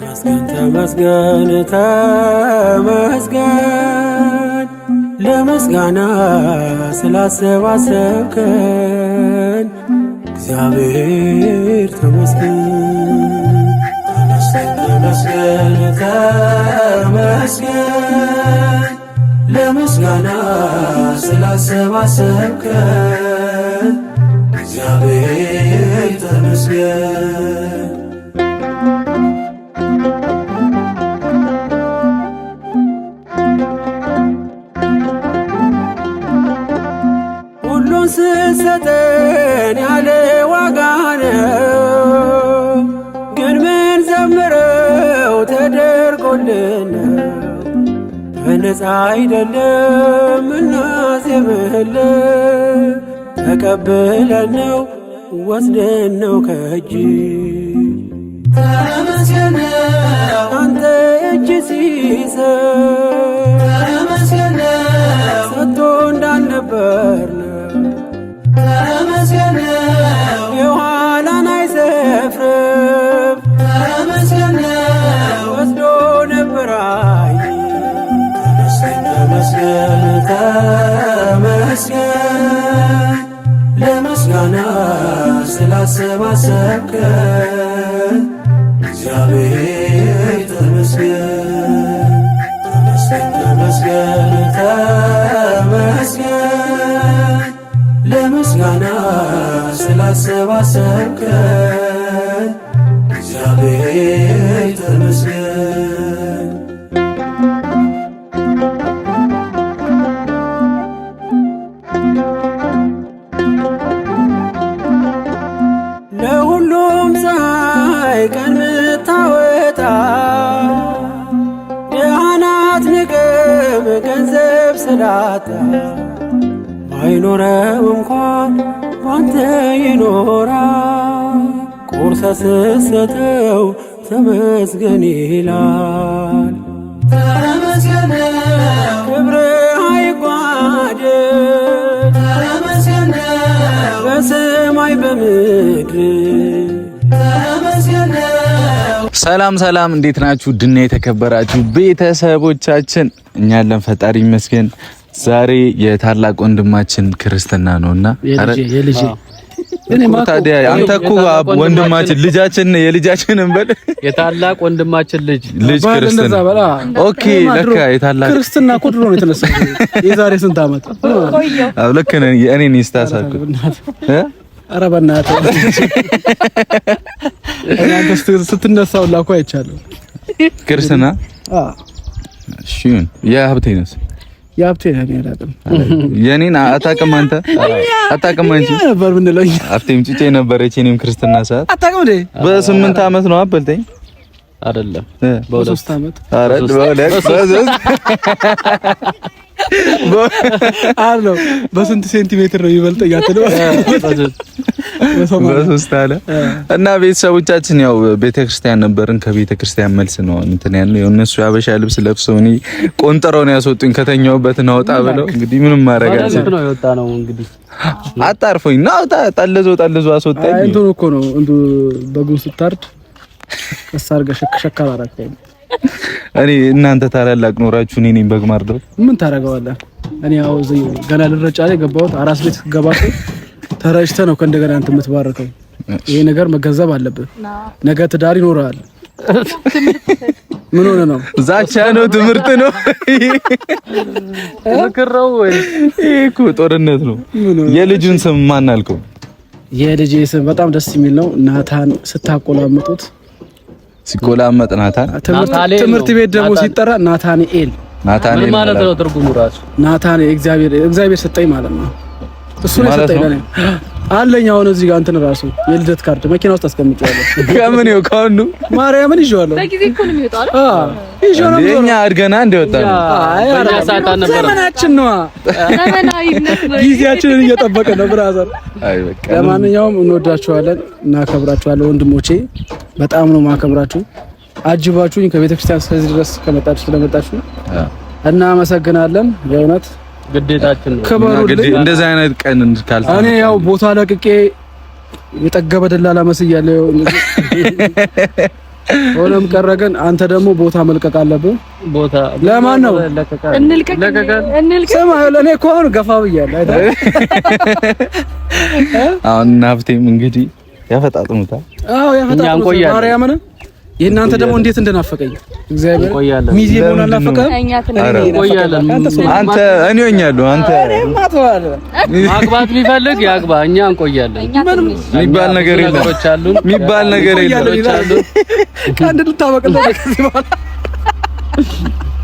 ተመስገን ተመስገን ተመስገን ለምስጋና ስላሰባሰብከን እግዚአብሔር ተመስገን ተመስገን ተመስገን ለምስጋና ስላሰባሰብከን እግዚአብሔር ተቀብለን ነው ወስደን ነው ከእጅ አንተ እጅ ሲሰጥ ተመስገነው ሰጥቶ እንዳልነበር ነው ተመስገነው የኋላን አይሰፍርም ስላሰባሰብከ እግዚአብሔር ተመስገን፣ ተመስገን፣ ተመስገን፣ ተመስገን ለምስጋና ስላሰባሰብከ ክቡር ሰስሰተው ተመስገን ይላል። ክብር አይጓድ በሰማይ በምድር ሰላም ሰላም፣ እንዴት ናችሁ? ድና የተከበራችሁ ቤተሰቦቻችን፣ እኛ ያለን ፈጣሪ ይመስገን። ዛሬ የታላቅ ወንድማችን ክርስትና ነውና ታዲያ አንተ እኮ ወንድማችን ልጃችን የልጃችን እንበል የታላቅ ወንድማችን ልጅ ልጅ ክርስትና ኦኬ፣ ለካ የታላቅ ክርስትና እኮ ድሮ ነው የተነሳው። የዛሬ ስንት አመት አው ልክ ነህ። የእኔን ይስታሳኩ እ ኧረ በእናትህ ስትነሳ ሁላ እኮ አይቻልም ክርስትና። እሺ የሀብቴ ነስ የሀብቴ ነኝ አላውቅም። የኔን ነበር የኔም ክርስትና ሰዓት አታውቅም በስምንት ዓመት ነው አበልተኝ አይደለም በሶስት ዓመት አለው በስንት ሴንቲሜትር ነው በሶስት አለ እና ቤተሰቦቻችን ያው ቤተክርስቲያን ነበርን። ከቤተክርስቲያን መልስ ነው እንትን ያለው የእነሱ ያበሻ ልብስ ለብሰው እኔ ቆንጠረው ነው ያስወጡኝ ከተኛውበት ነው ወጣ ብለው እንግዲህ ምንም ማድረግ አልችልም። አጣርፎኝ ነው ጠልዞ ጠልዞ አስወጣኝ። እንትኑ እኮ ነው እንዱ በጉን ስታርድ ከሳር ጋር ሸከሸካ እኔ እናንተ ታላላቅ ኖራችሁ እኔ በግ ማርደው ምን ታደርገዋለህ? እኔ ያው እዚህ ገና ልረጫ ላይ ገባሁት። አራስ ቤት ገባ ተረጭተህ ነው ከእንደገና አንተ የምትባረከው። ይሄ ነገር መገንዘብ አለብህ። ነገ ትዳር ይኖርሃል። ምን ሆነ ነው? ዛቻ ነው? ትምህርት ነው? ምክረው ወይ? ይሄ እኮ ጦርነት ነው። የልጁን ስም ማን አልከው? የልጄ ስም በጣም ደስ የሚል ነው። ናታን ስታቆላምጡት ሲቆላመጥ ናታን ትምህርት ቤት ደግሞ ሲጠራ ናታንኤል ናታንኤል ማለት ነው። ትርጉሙ ራሱ ናታን እግዚአብሔር እግዚአብሔር ሰጠኝ ማለት ነው። እሱ ነው የሰጠኝ ለኔ አለኝ አሁን እዚህ ጋር እንትን ራሱ የልደት ካርድ መኪና ውስጥ አስቀምጫለሁ። ከምን ይኸው ከአሁኑ ማርያምን ይዤዋለሁ። በጊዜ እኮ ነው የሚወጣው አይደል? አዎ ይዤው ነው የሚወጣው። እኛ አድገና እንደወጣ ነው። አይ ዘመናችን ነዋ። ዘመናዊነት ነው። ጊዜያችንን እየጠበቀ ነው ብራዘር። አይ በቃ ለማንኛውም እንወዳችኋለን፣ እናከብራችኋለን። ወንድሞቼ በጣም ነው ማከብራችሁ። አጅባችሁኝ ከቤተክርስቲያን እስከዚህ ድረስ ከመጣችሁ ስለመጣችሁ እናመሰግናለን የእውነት ግዴታችን ነው። እንደዚህ አይነት ቀን እንድካል እኔ ያው ቦታ ለቅቄ የጠገበ ደላላ መስያለሁ። ሆኖም ቀረ ግን አንተ ደግሞ ቦታ መልቀቅ አለብህ። ቦታ ለማን ነው እንልቀቅ? እንልቀቅ ስማ፣ ለኔ እኮ አሁን ገፋ ብያለሁ። አሁን ሀብቴም እንግዲህ ያፈጣጥኑታል። አዎ ያፈጣጥኑታል። ማርያምን የእናንተ ደግሞ እንዴት እንደናፈቀኝ እግዚአብሔር ሚዜ ሆነ ናፈቀ። አንተ እኔ ሆኛለሁ። አንተ ማግባት ቢፈልግ ያግባ፣ እኛ እንቆያለን። የሚባል ነገር የለም፣ የሚባል ነገር የለም። ከአንድ ልታበቅልህ ከዚህ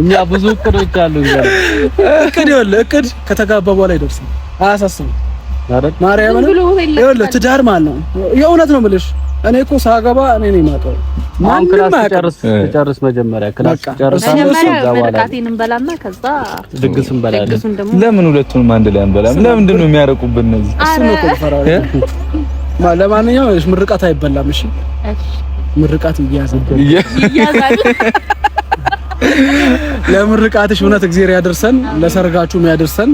እኛ ብዙ እቅዶች አሉ። እቅድ ይኸውልህ፣ እቅድ ከተጋባ በኋላ ይደርሳል። አያሳስብም። ማርያምን ይኸውልህ፣ ትዳር ማለት ነው። የእውነት ነው የምልሽ እኔ እኮ ሳገባ እኔ ነኝ የማውቀው። ማን ክላስ ጨርስ ጨርስ መጀመሪያ ክላስ ጨርስ እንበላና ከዛ ድግስ እንበላለን። ለምን ሁለቱንም አንድ ላይ አንበላም? ለምንድን ነው የሚያረቁብን እነዚህ? እሱ ነው ኮንፈራ ለማንኛውም ምርቃት አይበላም። እሺ ምርቃት ይያዛል ይያዛል። ለምርቃትሽ እውነት እግዚአብሔር ያደርሰን፣ ለሰርጋችሁም ያደርሰን።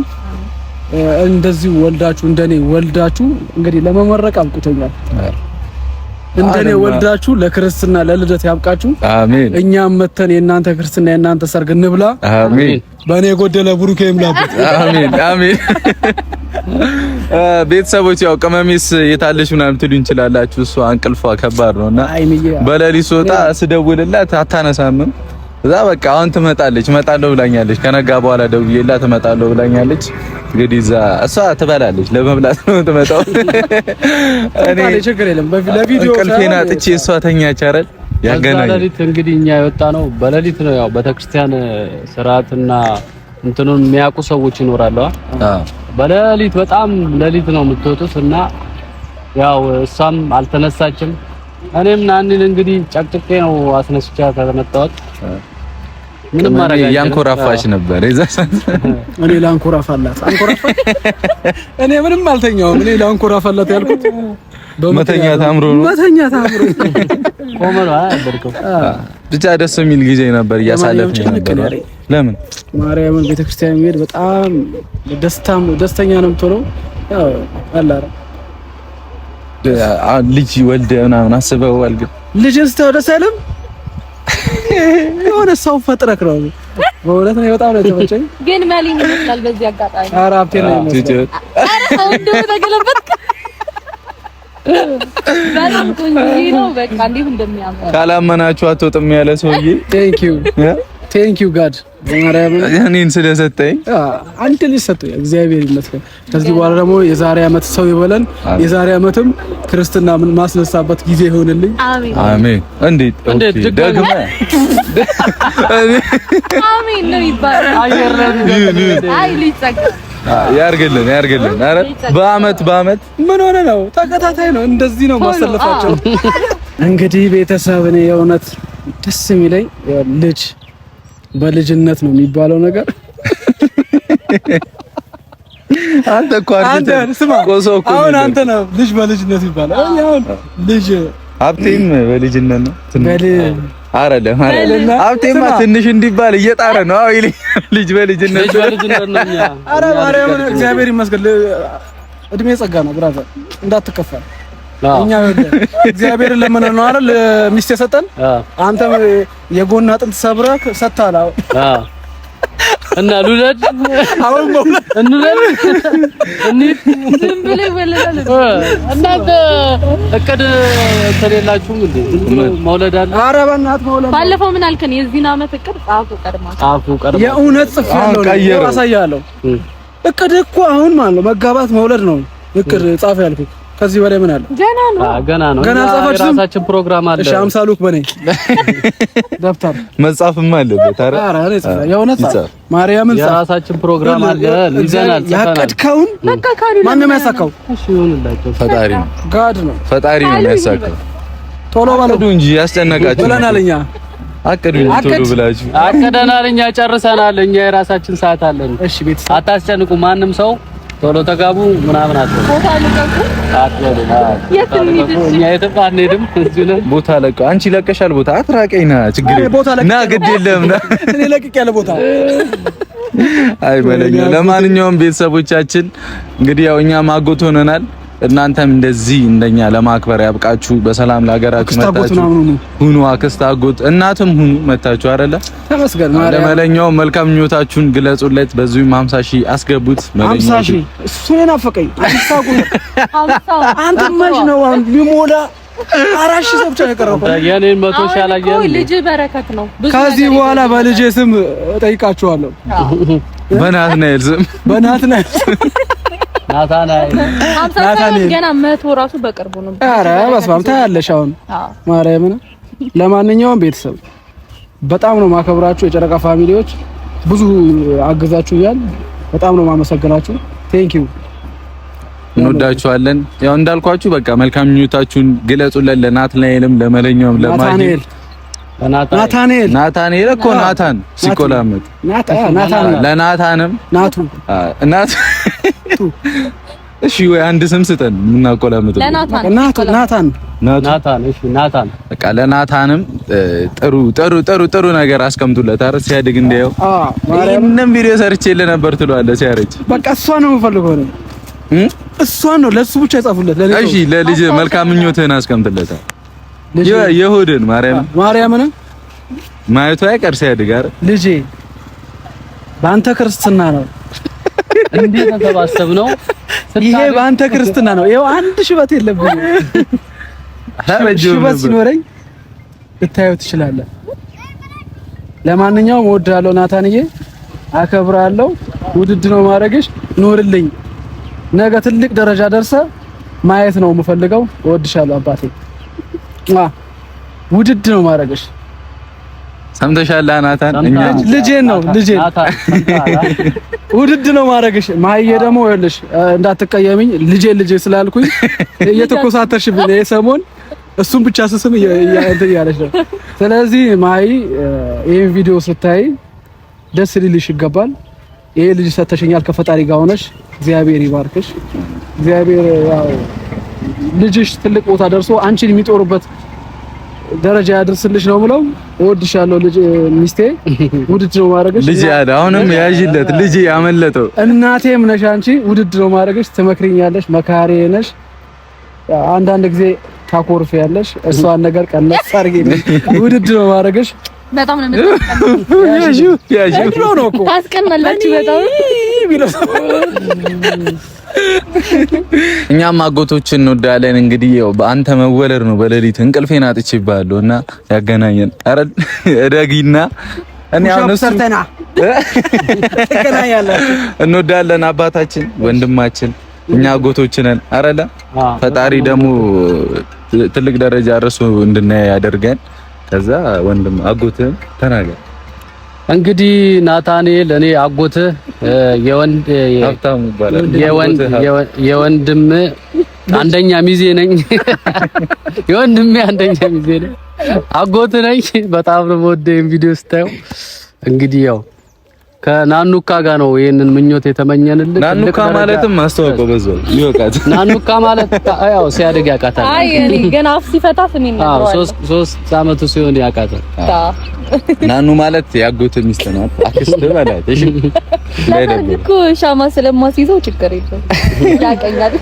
እንደዚህ ወልዳችሁ እንደኔ ወልዳችሁ እንግዲህ ለመመረቅ አብቁቶኛል። እንደኔ ወልዳችሁ ለክርስትና ለልደት ያብቃችሁ። አሜን። እኛም መተን የእናንተ ክርስትና የእናንተ ሰርግ እንብላ። አሜን። በእኔ የጎደለ ብሩኬ ይምላበት። አሜን፣ አሜን። ቤተሰቦች ያው ቅመሜስ የታለሽ ምናምን ትሉ እንችላላችሁ። እሷ እንቅልፏ ከባድ ነውና በሌሊት ስወጣ ስደውልላት አታነሳምም እዛ በቃ አሁን ትመጣለች፣ እመጣለሁ ብላኛለች። ከነጋ በኋላ ደውዬላት እመጣለሁ ብላኛለች። እንግዲህ እዛ እሷ ትበላለች፣ ለመብላት ነው የምትመጣው። እኔ እንቅልፌን አጥቼ እሷ ተኛች። አይደል ያገናኝ በሌሊት እንግዲህ እኛ የወጣ ነው በሌሊት ነው። ያው ቤተክርስቲያን ስርዓትና እንትኑን የሚያውቁ ሰዎች ይኖራሉ። በሌሊት በጣም ሌሊት ነው የምትወጡት እና ያው እሷም አልተነሳችም። እኔም ናኒን እንግዲህ ጨቅጭቄ ነው አስነስቻ ተመጣሁት። ምንም ማረጋ ያንኮራፋሽ ነበር እዛ ሰዓት። እኔ ላንኮራፋላት አንኮራፋ እኔ ምንም አልተኛውም። እኔ ላንኮራፋላት ያልኩት መተኛ ታምሮ ነው። መተኛ ታምሮ ቆመራ አደርኩ። ብቻ ደስ የሚል ጊዜ ነበር እያሳለፍን ነበር። ለምን ማርያምን ቤተክርስቲያን የሚሄድ በጣም ደስታም ደስተኛ ነው የምትሆነው። ያው አላ ልጅ ወልደ ምናምን አስበው አልገ ልጅ ስተው ደስ አይልም የሆነ ሰው ፈጥረክ ነው። በእውነት ነው በጣም ነው የተመቸኝ። ግን መሊን ይመስላል በዚህ አጋጣሚ። ኧረ ሀብቴ ነው ይመስላል። ኧረ ሰው እንደው ተገለበጥክ። በጣም ቆንጆ ነው። በቃ እንዴት እንደሚያምር ካላመናችሁ አትወጥም ያለ ሰውዬ ቴንክ ዩ ቴንክ ዩ ጋድ በማርያም እኔን ስለሰጠኝ። አንድ ልጅ ሰጠኝ፣ እግዚአብሔር ይመስገን። ከዚህ በኋላ ደግሞ የዛሬ አመት ሰው ይበለን፣ የዛሬ አመትም ክርስትና ምን ማስነሳበት ጊዜ ይሆንልኝ። አሜን አሜን። እንዴት ደግመ አሜን ነው ይባላል። አይ ልጅ ጸጋ ያርግልን ያርግልን። አረ በአመት በአመት ምን ሆነ ነው ተከታታይ ነው እንደዚህ ነው ማሰለፋቸው። እንግዲህ ቤተሰብ እኔ የእውነት ደስ የሚለኝ ልጅ በልጅነት ነው የሚባለው ነገር አንተ እኮ አንተ ስማ፣ አሁን አንተ ነው ልጅ በልጅነት ይባላል። አሁን ልጅ ሀብቴም በልጅነት ነው በል አይደለም? አይደለም ሀብቴማ ትንሽ እንዲባል እየጣረ ነው። አዎ ልጅ በልጅነት ልጅ በልጅነት ነው። ኧረ ማርያምን እግዚአብሔር ይመስገን፣ እድሜ ጸጋ ነው ብራዘር፣ እንዳትከፋል እኛ እግዚአብሔርን ለምን ነው አይደል ሚስት የሰጠን? አንተ የጎን አጥንት ሰብረህ ሰጥተሃል። አዎ እና ሉለድ አሁን መውለድ እንሉለድ እናንተ እቅድ ተሌላችሁም እንዴ መውለድ አለ? ኧረ በእናትህ መውለድ። ባለፈው ምን አልከን? የዚህን እቅድ ጻፉ ቀድማ ጻፉ ቀድማ የእውነት አሳያለሁ። እቅድ እኮ አሁን ማለት ነው መጋባት መውለድ ነው እቅድ ጻፍ ያልኩት ከዚህ በላይ ምን አለ? ገና ነው፣ ገና ነው። ገና ጻፋችሁ ፕሮግራም አለ። እሺ አምሳሉክ በኔ ደብተር መጻፍም አለ። ታረ አረ አረ ጻፋ የእውነት ማርያምን የራሳችን ፕሮግራም አለ። ይዘናል። ያቀድከውን ማንም ያሳካው። እሺ ይሁንላችሁ። ፈጣሪ ነው፣ ጋድ ነው፣ ፈጣሪ ነው የሚያሳካው። ቶሎ ባለው እንጂ ያስጨነቃችሁ ብለናል እኛ አቀዱ ቶሎ ብላችሁ አቀደናል እኛ ጨርሰናል እኛ የራሳችን ሰዓት አለን። እሺ ቤት አታስጨንቁ ማንም ሰው ቶሎ ተጋቡ ምናምን አትበሉ፣ ቦታ ለቀቁ አትበሉ። የትም እኛ የትም አንሄድም። እዚህ ነው ቦታ ለቀ አንቺ ለቀሻል። ቦታ አትራቀኝ። ና ችግር ና፣ ግድ የለም ና። እኔ ለቅቅ ያለ ቦታ አይ በለኛ። ለማንኛውም ቤተሰቦቻችን እንግዲህ ያው እኛ ማጎት ሆነናል። እናንተም እንደዚህ እንደኛ ለማክበር ያብቃችሁ። በሰላም ለሀገራችሁ መጣችሁ ሁኑ። አክስት አጎት፣ እናትም ሁኑ መታችሁ አይደለ? ተመስገን ማርያም። ለመለኛው መልካም ምኞታችሁን ግለጹለት። በዚሁም 50 ሺህ አስገቡት። አንተ ነው መቶ ልጅ በረከት ነው። ከዚህ በኋላ በልጄ ስም እጠይቃችኋለሁ። በናትናኤል ስም በናትናኤል ናታናኤል ገና መቶ ራሱ በቅርቡ ነው። ኧረ በስመ አብ አሁን ማርያምን። ለማንኛውም ቤተሰብ በጣም ነው ማከብራችሁ። የጨረቃ ፋሚሊዎች ብዙ አግዛችሁ እያል በጣም ነው ማመሰግናችሁ። ቴንክ ዩ እንወዳችኋለን። ያው እንዳልኳችሁ በቃ መልካም ምኞታችሁን ግለጹልን፣ ለናትናኤልም ለመለኛውም ለማጂ ናታንኤል ናታንኤል እኮ ናታን ሲቆላመጥ ለናታንም ናቱ ናቱ። እሺ ወይ አንድ ስም ስጠን የምናቆላምጠው። ናታን ናታን ለናታንም ጥሩ ጥሩ ጥሩ ጥሩ ነገር አስቀምጡለት። አረ ሲያድግ እንዲያው ይሄንን ቪዲዮ ሰርቼ ነበር ትሏለህ። ሲያረጅ በቃ እሷ ነው የምፈልገው ነው እሷ ነው ለሱ ብቻ ይጻፉለት። እሺ ለልጅ መልካም ምኞትህን አስቀምጥለታል የሆድን ማርያም ማርያምንም ማየቱ አይቀር ሲያድግ አይደል ልጄ በአንተ ክርስትና ነው እንዴ ተሰባሰብ ነው ይሄ በአንተ ክርስትና ነው ይሄው አንድ ሽበት የለብኝም ሽበት ሲኖረኝ ልታየው ትችላለህ ለማንኛውም እወድሃለሁ ናታንዬ አከብራለሁ ውድድ ነው ማድረግሽ ኖርልኝ ነገ ትልቅ ደረጃ ደርሰ ማየት ነው የምፈልገው እወድሻለሁ አባቴ ውድድ ነው ማድረግሽ። ሰምተሻል ናታን? እኛ ልጄ ነው ልጄ ውድድ ነው ማድረግሽ። ማየ ደግሞ ይኸውልሽ እንዳትቀየሚኝ ልጄ ልጄ ስላልኩኝ እየተኮሳተርሽብኝ ብለ የሰሞን እሱን ብቻ ስስም እንትን እያለች ነው። ስለዚህ ማይ ይህን ቪዲዮ ስታይ ደስ ሊልሽ ይገባል። ይሄ ልጅ ሰተሽኛል። ከፈጣሪ ጋር ሆነሽ እግዚአብሔር ይባርክሽ። እግዚአብሔር ያው ልጅሽ ትልቅ ቦታ ደርሶ አንቺን የሚጦሩበት ደረጃ ያደርስልሽ ነው ብለው እወድሻለሁ፣ ልጅ ሚስቴ፣ ውድድ ነው ማድረግሽ። ልጅ ያለ አሁንም ያዥለት ልጅ ያመለጠው እናቴም ነሽ አንቺ፣ ውድድ ነው ማድረግሽ። ትመክሪኛለሽ፣ መካሪ ነሽ። አንዳንድ ጊዜ ታኮርፍ ያለሽ እሷን ነገር ቀነስ አድርጊ። ውድድ ነው ማድረግሽ። በጣም ነው ያዥ ያዥ ነው ነው እኮ ታስቀናላችሁ በጣም እኛም አጎቶችን እንወዳለን። እንግዲህ ያው በአንተ መወለድ ነው። በሌሊት እንቅልፌን አጥቼ ይባለሁ እና ያገናኘን አረል እደጊና እኔ አሁን እሱ እንወዳለን። አባታችን፣ ወንድማችን እኛ አጎቶችን ነን። አረላ ፈጣሪ ደግሞ ትልቅ ደረጃ እርሱ እንድናይ ያደርገን። ከዛ ወንድም አጎትህን ተናገር እንግዲህ ናታኔል እኔ አጎትህ የወንድ የወንድም አንደኛ ሚዜ ነኝ። የወንድም አንደኛ ሚዜ ነኝ፣ አጎትህ ነኝ። በጣም ነው የምወደው ቪዲዮ ስታየው እንግዲህ ያው ከናኑካ ጋር ነው ይሄንን ምኞት የተመኘንልን። ናኑካ ማለትም ማስተዋወቀው በዛው ይወቃት። ናኑካ ማለት ያው ሲያድግ ያውቃታል። አይ እኔ ገና አፍ ሲፈታት እኔ ነው። አዎ ሶስት ሶስት አመቱ ሲሆን ያውቃታል። ናኑ ማለት ያጎት ሚስት ናት፣ አክስት ማለት እሺ። እኮ ሻማ ስለማስይዘው ችግር የለም ያቀኛል።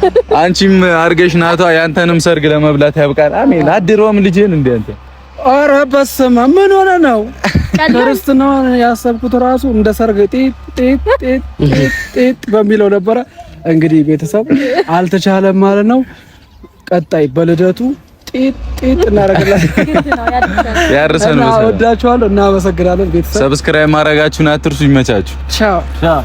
አንቺም አርገሽ ናቷ ያንተንም ሰርግ ለመብላት ያብቃል። አሜን። አድሮም ልጅን እንደ አንተ አረ በስመ ምን ሆነ ነው? ክርስትና ያሰብኩት ራሱ እንደ ሰርግ ጤጥ ጤጥ ጤጥ በሚለው ነበረ። እንግዲህ ቤተሰብ አልተቻለም ማለት ነው። ቀጣይ በልደቱ ጤጥ ጤጥ እናደርግላለን። ያርሰን ነው። እናመሰግናለን ቤተሰብ። ሰብስክራይብ ማድረጋችሁን አትርሱ። ይመቻችሁ። ቻው።